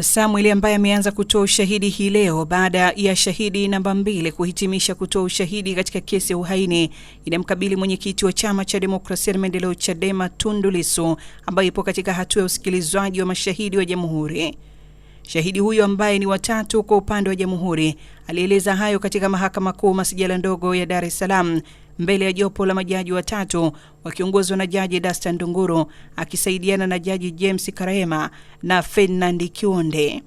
Samuel ambaye ameanza kutoa ushahidi hii leo baada ya shahidi namba mbili kuhitimisha kutoa ushahidi katika kesi ya uhaini inamkabili mwenyekiti wa chama cha demokrasia na maendeleo Chadema Tundu Lissu ambayo ipo katika hatua ya usikilizwaji wa mashahidi wa jamhuri. Shahidi huyo ambaye ni watatu kwa upande wa jamhuri alieleza hayo katika mahakama kuu masijala ndogo ya Dar es Salaam mbele ya jopo la majaji watatu wakiongozwa na Jaji Dasta Ndunguru akisaidiana na Jaji James Karema na Ferdinand Kionde.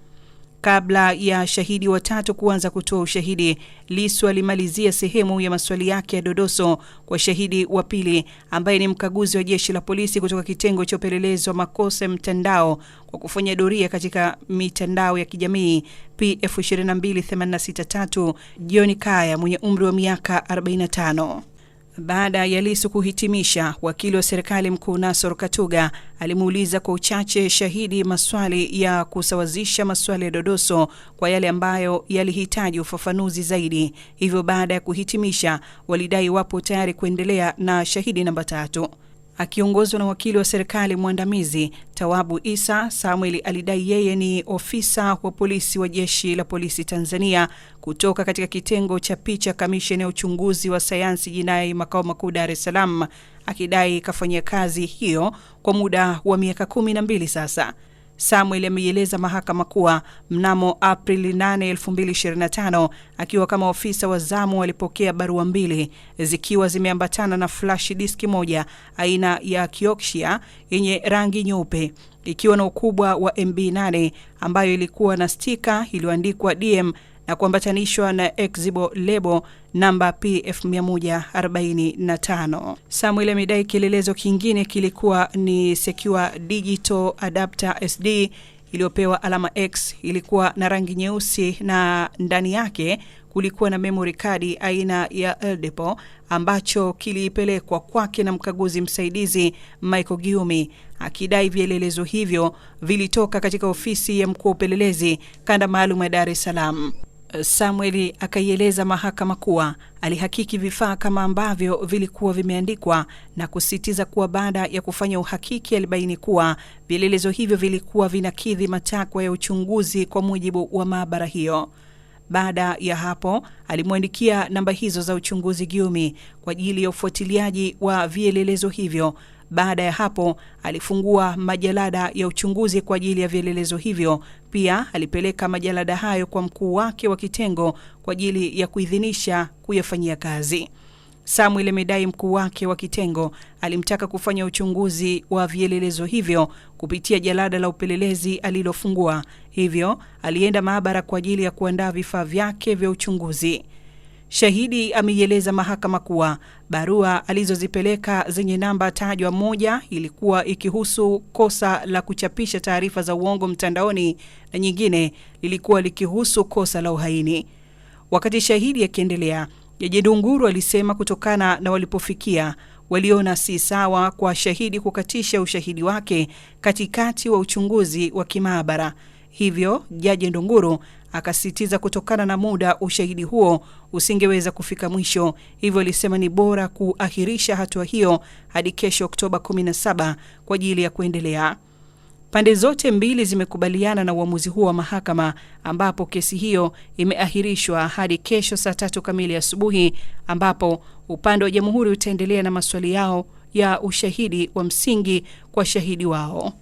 Kabla ya shahidi watatu kuanza kutoa ushahidi, Lissu alimalizia sehemu ya maswali yake ya dodoso kwa shahidi wa pili ambaye ni mkaguzi wa jeshi la polisi kutoka kitengo cha upelelezi wa makosa ya mtandao kwa kufanya doria katika mitandao ya kijamii PF 22863 John Kaya mwenye umri wa miaka 45. Baada ya Lisu kuhitimisha, wakili wa serikali mkuu Nasor Katuga alimuuliza kwa uchache shahidi maswali ya kusawazisha maswali ya dodoso kwa yale ambayo yalihitaji ufafanuzi zaidi. Hivyo baada ya kuhitimisha, walidai wapo tayari kuendelea na shahidi namba tatu. Akiongozwa na wakili wa serikali mwandamizi Tawabu Isa, Samuel alidai yeye ni ofisa wa polisi wa Jeshi la Polisi Tanzania kutoka katika kitengo cha picha kamisheni ya uchunguzi wa sayansi jinai makao makuu Dar es Salaam, akidai kafanyia kazi hiyo kwa muda wa miaka kumi na mbili sasa. Samuel ameieleza mahakama kuwa mnamo Aprili 8, 2025 akiwa kama ofisa wa zamu alipokea barua mbili zikiwa zimeambatana na flash diski moja aina ya Kioxia yenye rangi nyeupe ikiwa na ukubwa wa MB 8 ambayo ilikuwa na stika iliyoandikwa DM na kuambatanishwa na exibo lebo namba PF145. Samuel amedai kielelezo kingine kilikuwa ni Secure Digital Adapter SD iliyopewa alama X ilikuwa na rangi nyeusi na ndani yake kulikuwa na memory card aina ya eldepo ambacho kilipelekwa kwake na mkaguzi msaidizi Michael Giumi, akidai vielelezo hivyo vilitoka katika ofisi ya mkuu wa upelelezi kanda maalum ya Dar es Salaam. Eh, Samueli akaieleza mahakama kuwa alihakiki vifaa kama ambavyo vilikuwa vimeandikwa na kusisitiza kuwa baada ya kufanya uhakiki alibaini kuwa vielelezo hivyo vilikuwa vinakidhi matakwa ya uchunguzi kwa mujibu wa maabara hiyo. Baada ya hapo alimwandikia namba hizo za uchunguzi Giumi kwa ajili ya ufuatiliaji wa vielelezo hivyo baada ya hapo, alifungua majalada ya uchunguzi kwa ajili ya vielelezo hivyo. Pia alipeleka majalada hayo kwa mkuu wake wa kitengo kwa ajili ya kuidhinisha kuyafanyia kazi. Samuel amedai mkuu wake wa kitengo alimtaka kufanya uchunguzi wa vielelezo hivyo kupitia jalada la upelelezi alilofungua, hivyo alienda maabara kwa ajili ya kuandaa vifaa vyake vya uchunguzi. Shahidi ameieleza mahakama kuwa barua alizozipeleka zenye namba tajwa moja ilikuwa ikihusu kosa la kuchapisha taarifa za uongo mtandaoni na nyingine lilikuwa likihusu kosa la uhaini. Wakati shahidi akiendelea, Jaji Dunguru alisema kutokana na walipofikia waliona si sawa kwa shahidi kukatisha ushahidi wake katikati wa uchunguzi wa kimaabara. Hivyo Jaji Ndunguru akasisitiza kutokana na muda ushahidi huo usingeweza kufika mwisho, hivyo alisema ni bora kuahirisha hatua hiyo hadi kesho Oktoba 17 kwa ajili ya kuendelea. Pande zote mbili zimekubaliana na uamuzi huo wa mahakama, ambapo kesi hiyo imeahirishwa hadi kesho saa tatu kamili asubuhi, ambapo upande wa jamhuri utaendelea na maswali yao ya ushahidi wa msingi kwa shahidi wao.